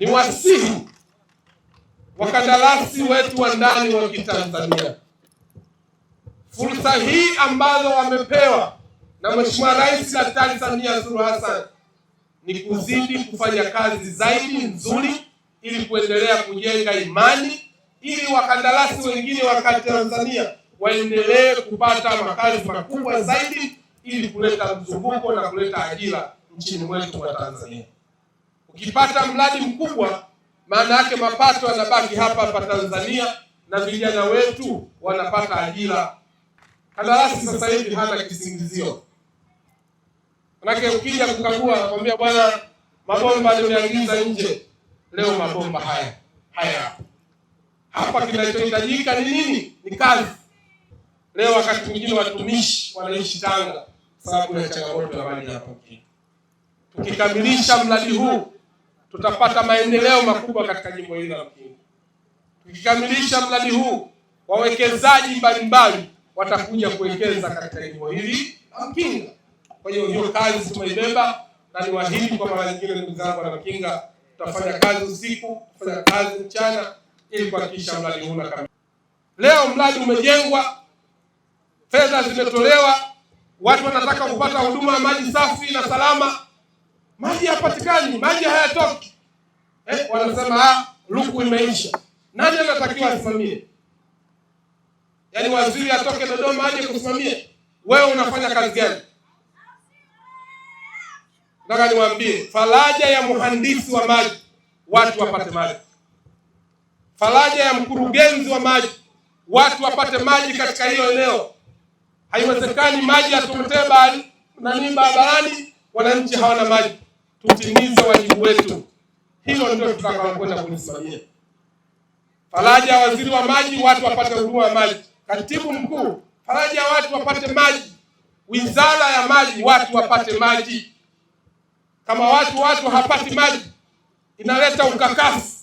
Ni wasihi wakandarasi wetu wa ndani wa Kitanzania, fursa hii ambazo wamepewa na Mheshimiwa Rais Daktari Samia Suluhu Hassan ni kuzidi kufanya kazi zaidi nzuri, ili kuendelea kujenga imani, ili wakandarasi wengine wa Tanzania waendelee kupata makazi makubwa zaidi ili kuleta mzunguko na kuleta ajira nchini mwetu wa Tanzania. Ukipata mradi mkubwa, maana yake mapato yanabaki hapa hapa Tanzania na vijana wetu wanapata ajira. Kandarasi sasa hivi hana kisingizio, manake ukija kukagua nakwambia, bwana, mabomba nimeagiza nje leo, mabomba haya haya hapa. Kinachohitajika ni nini? Ni kazi. Leo wakati mwingine watumishi wanaishi Tanga sababu ya changamoto ya maji hapo. Tukikamilisha mradi huu tutapata maendeleo makubwa katika jimbo hili la Mkinga. Tukikamilisha mradi huu, wawekezaji mbalimbali watakuja kuwekeza katika jimbo hili la Mkinga. Kwa hiyo hiyo kazi tumeibeba, na niwaahidi kwa mara nyingine, ndugu zangu wa Mkinga, tutafanya kazi usiku, tutafanya kazi mchana ili kuhakikisha mradi huu unakamilika. Leo mradi umejengwa, fedha zimetolewa watu wanataka kupata huduma ya maji safi na salama, maji hayapatikani, maji hayatoki eh, wanasema ah, luku imeisha. Nani anatakiwa asimamie? Yaani waziri atoke Dodoma aje kusimamia? Wewe unafanya kazi gani? Nataka niwaambie, faraja ya mhandisi wa maji watu wapate maji, faraja ya mkurugenzi wa maji watu wapate maji katika hiyo eneo Haiwezekani maji yatupotee bahari nani barabarani, wananchi hawana maji. Tutimize wajibu wetu, hilo ndio tutakaokwenda kulisimamia. Faraja ya waziri wa maji, watu wapate huduma ya maji. Katibu mkuu, faraja ya watu wapate maji. Wizara ya maji, watu wapate maji. Kama watu watu hapati maji, inaleta ukakasi.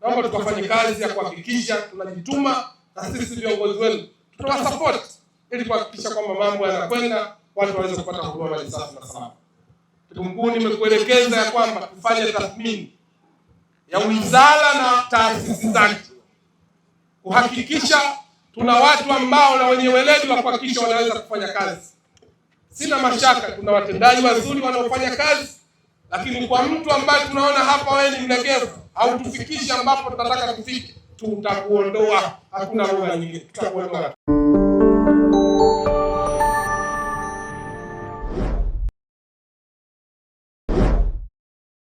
Naomba tukafanye kazi ya kuhakikisha tunajituma, na sisi viongozi wenu tutawasapoti ili kuhakikisha kwamba mambo yanakwenda, watu waweze kupata huduma maji safi na salama. Katibu nimekuelekeza ya kwamba tufanye tathmini ya wizara na taasisi zake kuhakikisha tuna watu ambao na wenye weledi wa kuhakikisha wanaweza kufanya kazi. Sina mashaka tuna watendaji wazuri wanaofanya kazi, lakini kwa mtu ambaye tunaona hapa wewe ni mlegevu, hautufikishi ambapo tunataka tufike, tutakuondoa. Hakuna lugha nyingine, tutakuondoa.